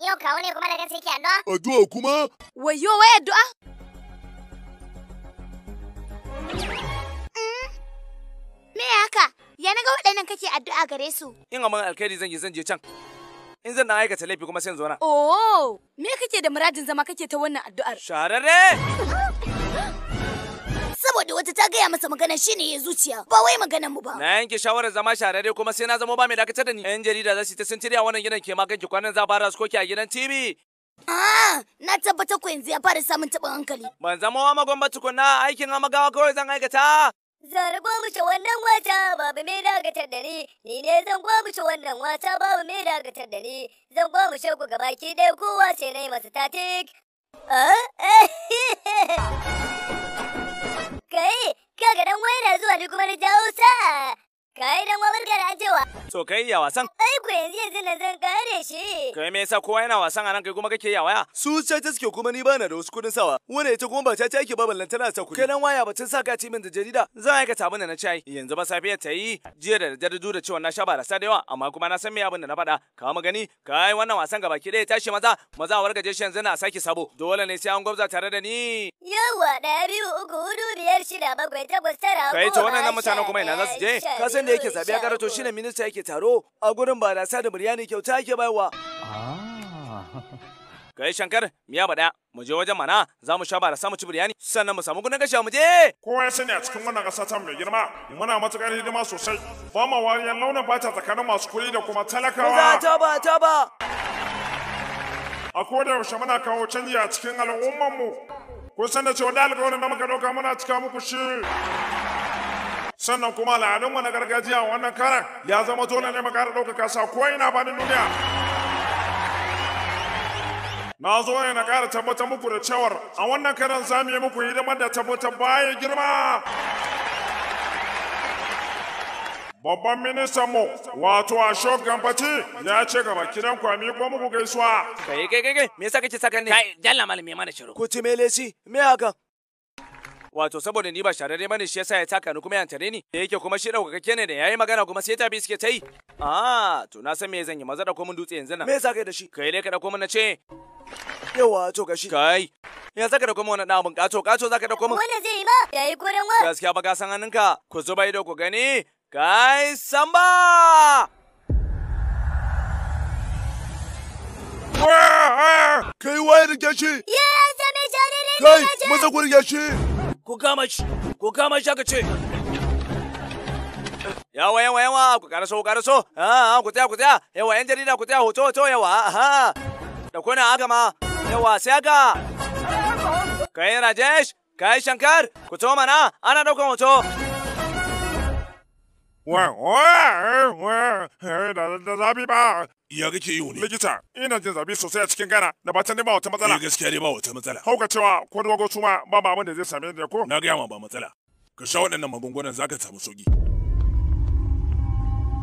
Yau kawo ne kuma daga kansa yake addu'a? Addu'a kuma? Wayo wai addu'a? Mm. Me haka? Ya naga waɗannan kake addu'a gare su? In amma alkhairi zan yi zan je can. In zan na aikata laifi kuma sai in zo na. Oh, me kake da muradin zama kake ta wannan addu'ar? Shararre! saboda wata ta gaya masa magana shine ya zuciya ba wai maganan mu ba na yanke shawarar zama shahararre kuma sai na zama ba mai dakatar da ni yan jarida za su ta sun tirya wannan gidan ke ma kanki kwanan za fara koki a gidan TV Ah, na tabbata ku yanzu ya fara samun taɓin hankali. Ban zama wa magon tukuna aikin amagawa kawai zan aikata. Zara gwamnati wannan wata babu mai dagatar da ni, ni ne zan gwamnati wannan wata babu mai dagatar da ni, zan gwamnati ku gabaki ɗaya kowa ce na yi masa tatik. Ah? Eh, eh, eh, kai kaga dan waina zuwa ni kuma na sa'a Kai dan wabar kana cewa. To kai ya wasan. Ai ku yanzu yanzu na zan kare shi. Kai me yasa kowa yana wasan anan kai kuma kake ya waya? Su caca suke kuma ni bana da wasu kudin sawa. Wane ita kuma ba ta take ba ballan na sa kudi. Kai nan waya batun saka ci min da jarida. Zan aikata ta da na ci Yanzu ba safiya ta yi. Jiya da daddare duk da cewa na sha barasa da yawa amma kuma na san me abin da na faɗa. Ka mu gani kai wannan wasan gaba ki dai tashi maza maza a wargaje shi yanzu na sake sabo. Dole ne sai an gwabza tare da ni. Yawa da biyu uku hudu biyar shida bakwai takwas tara. Kai to wannan mutanen kuma ina za su je? Ka san da yake zabe ya karato shine minista yake taro a gurin barasa da biryani kyauta yake baiwa. Ah. Kai Shankar, miya bada mu je wajen mana za mu sha barasa mu ci biryani sannan mu samu kuɗin gashi mu je. Kowa ya sani a cikin wannan ƙasa ta mai girma, muna matuƙar hidima sosai. Ba ma wariyar launin fata tsakanin masu kuɗi da kuma talakawa. Za ta ba ta ba. A koda yaushe muna kawo canji a cikin al'ummarmu. mu. san da cewa da alƙawarin da muka ɗauka muna cika muku shi. sannan kuma al'adun mu na gargajiya wannan karan ya zama tona ne mu kara ɗaukaka sa ko ina faɗin duniya na zo ne na ƙara tabbatar muku da cewar a wannan karan za mu yi muku hidimar da tabbatar baya girma Babban ministanmu wato Ashok Gambati ya ce gaba kidan kwami ko muku gaisuwa. Kai kai kai me yasa kake saka ne? Kai dalla malam mai mana shiru. Ko me lesi me haka? wato saboda ni ba shararre bane shi yasa ya taka ni kuma ya tare ni da yake kuma shi daukakakke ne da yayi magana kuma sai bi suke tai ah to na san me zan yi maza da komin dutse yanzu na me yasa kai da shi kai dai ka da komin na ce yawa to gashi kai ya zaka da komin wannan da abun kato kato zaka da komin wanda zai yi ma yayi gurin wa gaskiya ba ka san hannunka ku zuba da ku gani kai samba Kai waye da gashi? Ya zame jarire ne Kai, maza ku da gashi! Ku kama shi, ku kama shi aka ce. Yawa yawa yawa ku so ku so ah, ah ku tsaya ku tsaya. Yawa yan jarida ku tsaya hoto hoto yawa. ha ah, ah. Da kuna haka ma. Yawa sai aka Kai Rajesh, kai Shankar, ku to mana ana daukan hoto. Eh, eh, zabi ba. Ya kake yi Likita, ina jin zabi sosai a cikin gana da ba ta nema wata matsala. Eh gaskiya dai ba wata matsala. Hauka cewa ko dogo suma ba ma abin da zai same da ko? Na gaya ma ba matsala. Ka sha waɗannan magungunan zaka samu sauki.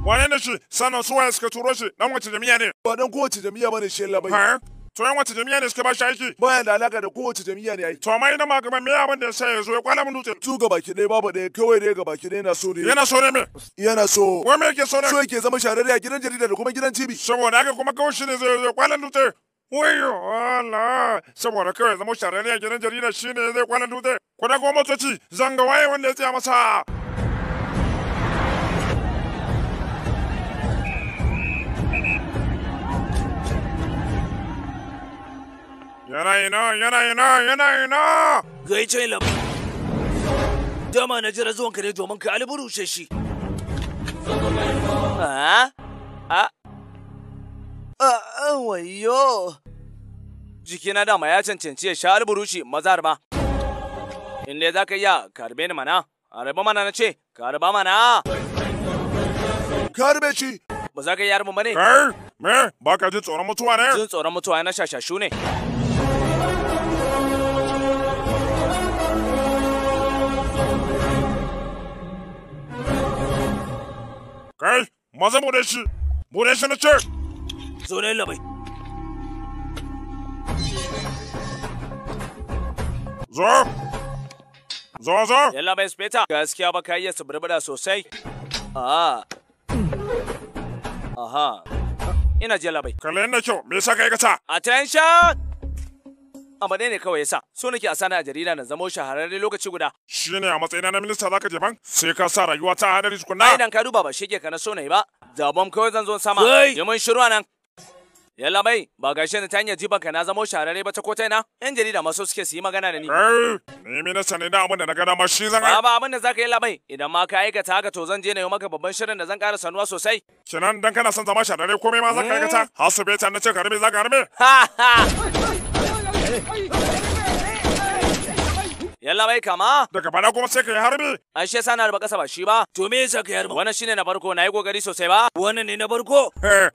Wane ne shi? Sannan suwaye suka turo shi? Dan wace jami'a ne? Ba dan kowace jami'a bane shi Allah bai. Eh? To yan wace jami'a ne suka ba shi aiki? Bayan da alaka da kowace jami'a ne aiki. To amma ina ma me abin da ya sa ya zo ya kwala mun dutse. Tu ga baki ɗaya babu ɗaya kawai dai ga baki dai na so ne. Yana so ne me? Yana so. Ko me yake so ne? So yake zama shahararre a gidan jarida da kuma gidan TV. Saboda haka kuma kawai shi ne zai zo kwana dutse. Wayo ala saboda kawai zama shahararre a gidan jarida shine zai kwana dutse. Kuna goma motoci zanga waye wanda ya tsaya masa. Yana yana yana Gai can Gaice lam. Dama na jira zuwan ka ne domin ka alburushe shi. A? A? A wayo! Jikina dama ya cancanci ya sha alburushi mazar ma. In dai za ka iya karbe ni mana, arba mana na ce, karba mana! Karbe shi! Ba za ka yi yarmu ba ne? Kai! Me? Ba ka ji tsoron mutuwa ne? Jin tsoron mutuwa na shashashu ne. Kai, maza mu da shi. Mu da shi na ce. Zo da labai. Zo. Zo zo. Yalla bai speta. Gaskiya ba ka iya suburbura sosai. Ah. Aha. Ina je labai. Kalle da kyau, me yasa kai ka ta? Attention! amma dai ne kawai yasa so nake a sani a jarida na zama shahararre lokaci guda shine a matsayina na minista zaka je ban sai ka sa rayuwa ta hadari tukunna ai dan ka duba ba shege ka na so nayi ba da kawai zan zo sama yaman shiru nan yalla mai ba gashi ta hanyar jiban ka na zama shahararre ba ta ko na yan jarida maso suke su yi magana da ni ni minista ne da abin da na gada ma shi zan ba abin da zaka yi labai idan ma ka aikata haka to zan je na yi maka babban shirin da zan kara sanuwa sosai kinan dan kana son zama shahararre komai ma zaka aikata hmm. hasube ta na ce ka rabe zaka rabe ha ha yallabai kama? Daga bana kuma sai ka yi harbi. Ashe sana harba kasa ba shi ba. To me yasa ka harba? Wannan shine na farko na yi kokari sosai ba. Wannan ne na farko. Eh.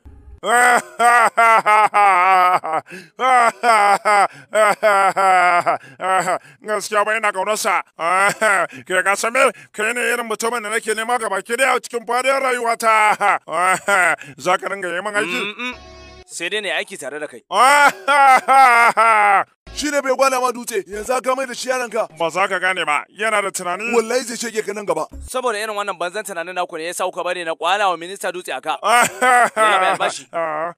gaskiya ba yana ƙaunarsa eh, ke ga samir kai ne irin mutumin da nake nema gaba baki a cikin fadiyar rayuwata eh, za ka ringa yi min aiki sai dai ne aiki tare da kai. Shi ne bai gwada ma dutse yanzu ka mai da shi yaranka. Ba za ka gane ba yana da tunani. Wallahi zai shege ka nan gaba. Saboda irin wannan banzan tunanin naku ne ya sa kuka bari na kwana wa minista dutse ka. Ya bayan bashi. Ah.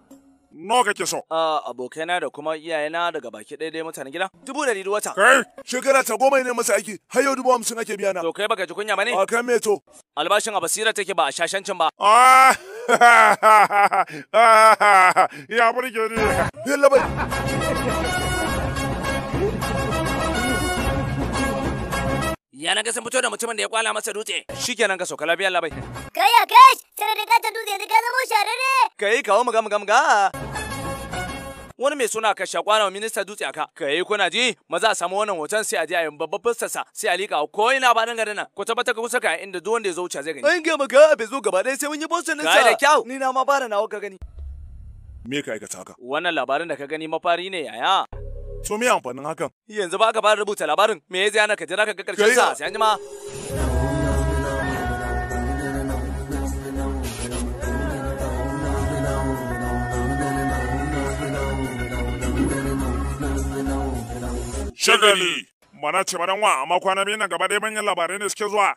nawa kake so? A abokaina da kuma iyayena daga baki ɗaya dai mutanen gida. Dubu ɗari duk wata. Kai shekara ta goma ne masa aiki har yau dubu hamsin ake biya na. To kai baka ji kunya ba ne? A kan me to? Albashin a basira take ba a shashancin ba. Ah, ah, ya burge ni. Yalla bai. Ya naga sun fito da mutumin da ya kwala masa dutse. Shikenan ka sauka lafiya labai. Kai ya kai, tare da ka dutse da ka zama sharare. Kai kawo muga muga ga. Wani mai suna ka shakwana minista dutse aka. Kai kuna ji, maza a samu wannan hoton sai a je a yi babban fustarsa sai a lika ko ina ba nan garin nan. Ku tabbata ku kusa inda duk wanda ya zo wuce zai gani. An ga maka bai zo gaba ɗaya sai mun yi bosun nan sa. Kai da kyau. Ni na ma bara nawa ka gani. Me ka aikata haka? Wannan labarin da ka gani mafari ne yaya. To me amfanin hakan? Yanzu ba ka fara rubuta labarin me ya ziyana ka jira ka ga sa sai anjima. Shagali! Mana ce wa amma kwana biyu na gaba dai manyan labarai ne suke zuwa.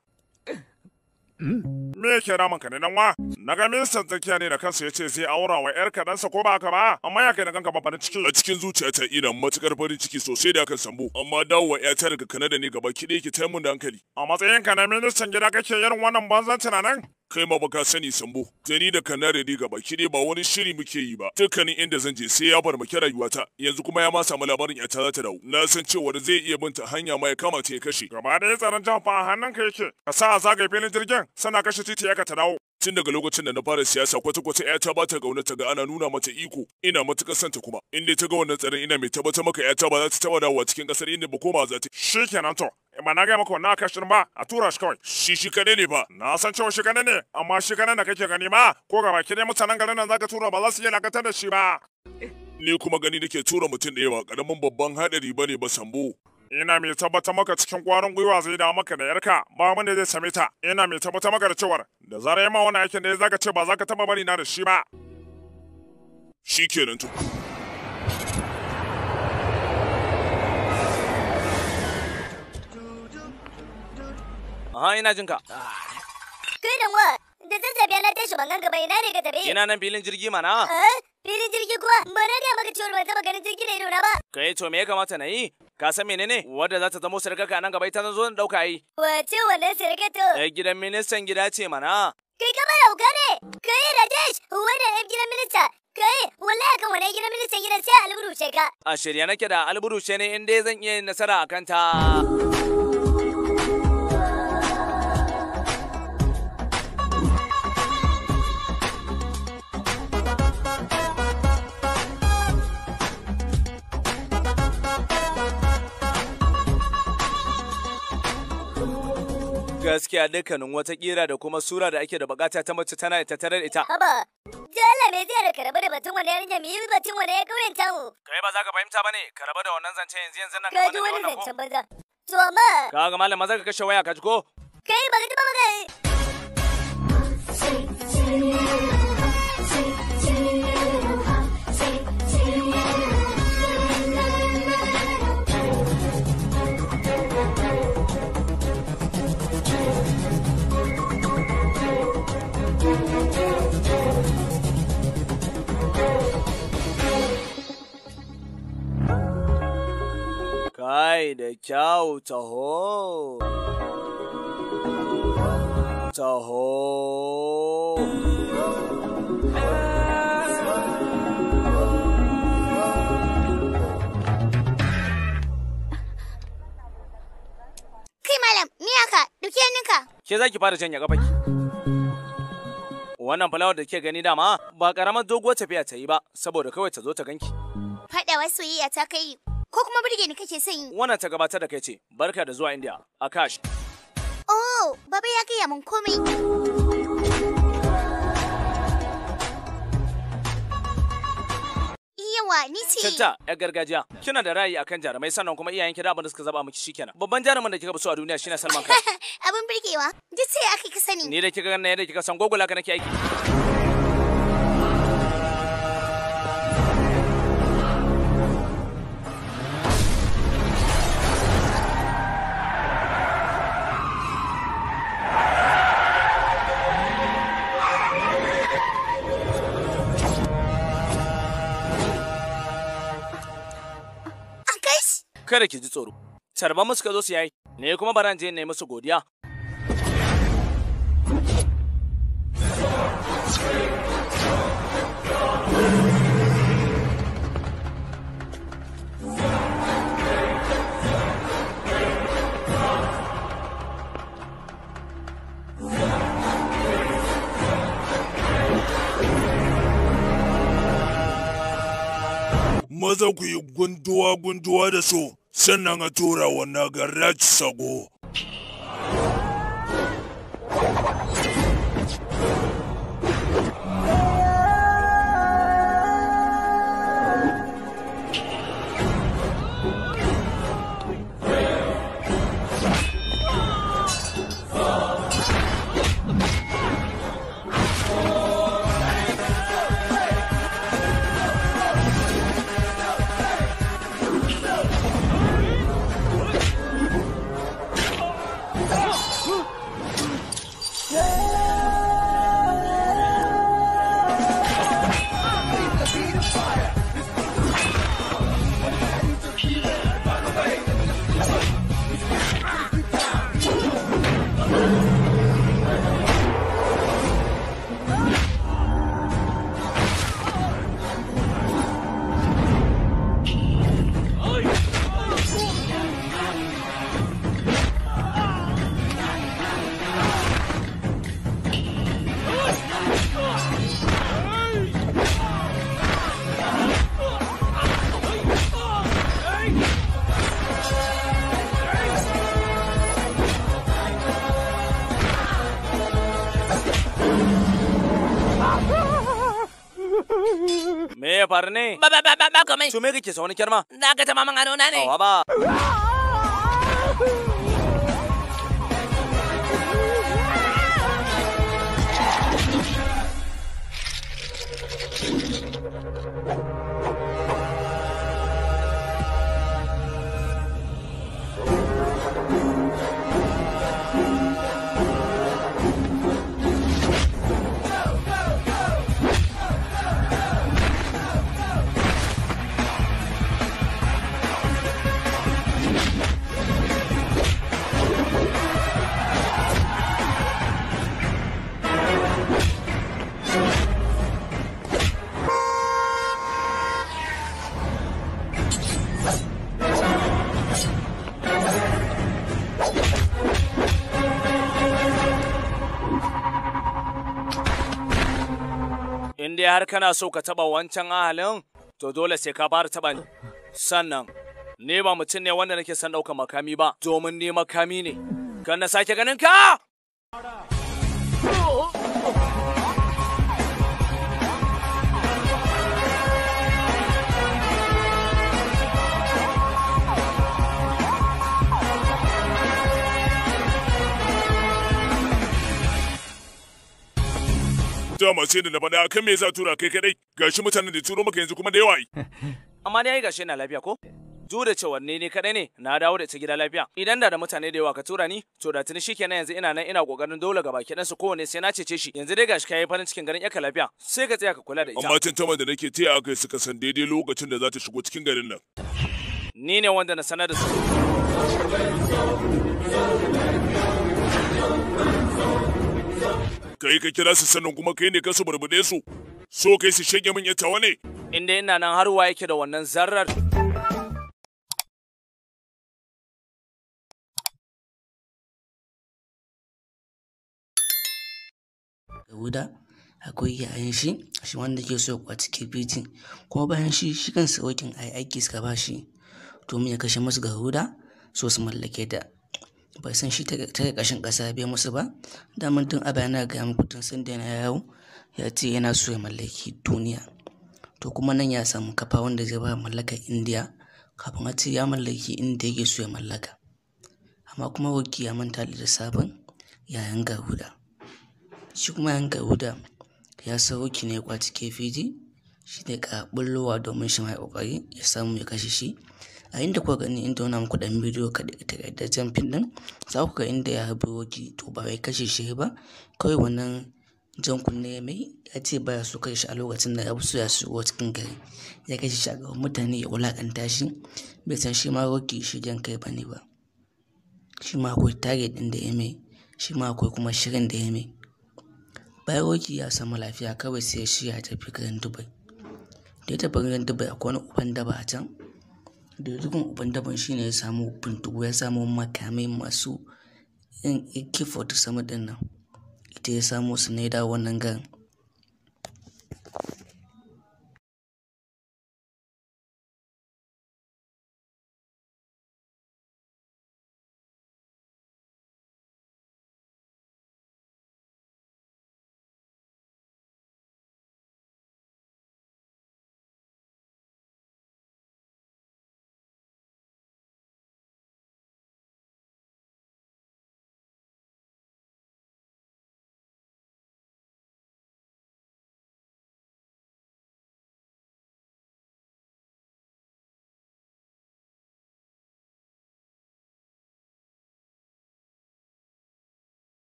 Hmm? Me yake damun ka ne dan wa? Na ga ministan tsakiya ne da kansa yace zai aura wa ƴarka kadansa ko ba haka ba? Amma ya kai da kanka babban cikin a cikin zuciyata ina matukar farin ciki sosai da kan sambo. Amma dawo dawowa ƴata daga Kanada ne gaba kiɗe ki taimun da hankali. A matsayin ka na ministan gida kake irin wannan banzan tunanin? kai ma baka sani sambo sai ni da kanare ne gaba ki ba wani shiri muke yi ba dukkanin inda zan je sai ya farmaki rayuwata yanzu kuma ya ma samu labarin ya ta za ta dawo na san cewa zai iya binta hanya ma ya kama ta ya kashe gaba da tsaron jan fa hannun ka yake ka sa zagaye filin jirgin sana kashe titi ya ka ta dawo tun daga lokacin da na fara siyasa kwata-kwata ‘yata ba ta gauna ta ga ana nuna mata iko ina matuƙar santa kuma inda ta ga wannan tsarin ina mai tabbata maka ‘yata ba za ta taɓa dawowa cikin ƙasar inda ba koma za ta shikenan to in ba na gaya maka wannan kashin ba a tura shi kawai shi shi kane ne ba na san cewa shi kane ne amma shi kane da kake gani ma ko ga baki ne mutanen garin nan zaka tura ba za su iya lakatar da shi ba ni kuma gani nake tura mutum ɗaya ba karamin babban haɗari bane ba sambo ina mai tabbatar maka cikin kwarin gwiwa zai dawo maka da yarka ba wanda zai same ta ina mai tabbatar maka da cewar da zarar yamma wani aikin da zaka ce ba zaka taba bari na da shi ba shikenan to Aha, ina jinka. Kai da wa, da zazzabiya na tashi ban ganka ba ina ne ka tabe? Ina nan filin jirgi mana. Filin jirgi kuwa, ba na ga maka cewa ban taba ganin jirgi da ido na ba. Kai to me ya kamata na yi? Ka san menene? Wadda za ta zamo sarkarka nan gaba ita zan zo na dauka yi. Wace wannan sarkar to? gidan ministan gida ce mana. Kai ka mara hauka ne? Kai Rajesh, wanda ɗan gidan minista. Kai, wallahi kan wani gidan ministan gidan sai alburuce ka. A shirya nake da alburuce ne inda zan iya nasara a kanta. Gaskiya dukkanin wata kira da kuma sura da ake da bukata ta mace tana ita tarar ita. Haba, Allah me zai da karaba da batun wani yarinya mu yi batun wani ya ta tamu. Kai ba za ka fahimta bane, karaba da wannan zance yanzu yanzu nan kamar da wannan ko. Ka ji wani zancen banza. To amma. Ka ga malam maza ka kashe waya ka ji ko. Kai ba ka taba ba kai. kai da kyau taho. Taho. Kai malam, miyaka, duke ninka. Ke za ki fara janya kafaki. wannan fulawar da ke gani dama ba karamar doguwar tafiya ta yi ba saboda kawai ta zo ta ganki. Faɗa wasu yi ta kai ko kuma burge ni kake son yi. Wannan ta gabatar da kai ce, barka da zuwa India, Akash. Oh, baba ya gaya mun komai. yawa ni ce. Cinta, ‘yar gargajiya, kina da ra'ayi akan jarumai sannan kuma iyayen ki da abin da suka zaba miki shikenan. Babban jaruman da kika fi so a duniya shine Salman Khan. Abin birgewa, duk sai aka ka sani. Ni da kika ganna yadda kika san gogula ka nake aiki. kada ki ji tsoro tarba musu ka zo su yayi ne kuma baran je ne musu godiya maza ku yi gunduwa-gunduwa da su sannan a tura wa nagaraci sago. farne Ba ba ba ba ba komai. To me kake sa wani kyarma? Na ga tamamin na ne. Awa ba. Ah! dai har kana so ka taɓa wancan ahalin, to dole sai ka fara taba ni. Sannan, ne ba mutum ne wanda nake son ɗaukar makami ba, domin ne makami ne. Kan na sake ganin ka! Dama sai da na faɗa kan me yasa tura kai kadai gashi mutanen da turo maka yanzu kuma da yawa Amma dai gashi yana lafiya ko? Duk da cewa ne ne kadai ne na dawo da ita gida lafiya. Idan da da mutane da yawa ka tura ni to da tuni shikenan yanzu ina nan ina kokarin dole gaba dan su kowane sai na cece shi. Yanzu dai gashi kai farin cikin garin yaka lafiya sai ka tsaya ka kula da ita. Amma tun tamar da nake taya aka ka san daidai lokacin da za ta shigo cikin garin nan. Ni ne wanda na sanar da su. kai ka kira su sannan kuma kai ne ka su su so kai su shege min yata wane inda ina nan har wa yake da wannan zarrar Dauda akwai yayan shi shi wanda ke so ya cikin bijin kuma bayan shi shi kansa wakin ai aiki suka ba shi domin ya kashe masu Yahuda so su mallake da bai san shi ta kashin kasa bai musu ba damar tun a bayan ga muku sanda sun na yawo ya ce yana so ya mallaki duniya to kuma nan ya samu kafa wanda zai ba mallaka indiya kafin a ce ya mallaki inda yake so ya mallaka amma kuma wakil ya manta da sabon yayan garuda shi kuma yayan garuda ya sau ki ne kwaci kefiji shi ne ka bullowa domin shi mai kokari ya samu ya kashe shi A inda kuka gani inda tauna muku ɗan bidiyo takaitaccen fim din za ku ga inda ya bugi to ba wai kashe shi ba kawai wannan jan kunne ya mai ya ce baya so kashe shi a lokacin da ya fi so ya shigo cikin gari ya kashe shi a gaban mutane ya wulaƙanta shi bai san shi ma roki shi jan kai ba ne ba shi ma akwai target ɗin da ya mai shi ma akwai kuma shirin da ya mai bayan roki ya samu lafiya kawai sai shi ya tafi garin dubai da ya tafi garin dubai akwai wani uban daba a can abin uban shi shine ya samu bindigu, ya samu makamai masu in ta sama dinnan Ita ya samu su ne wannan gan.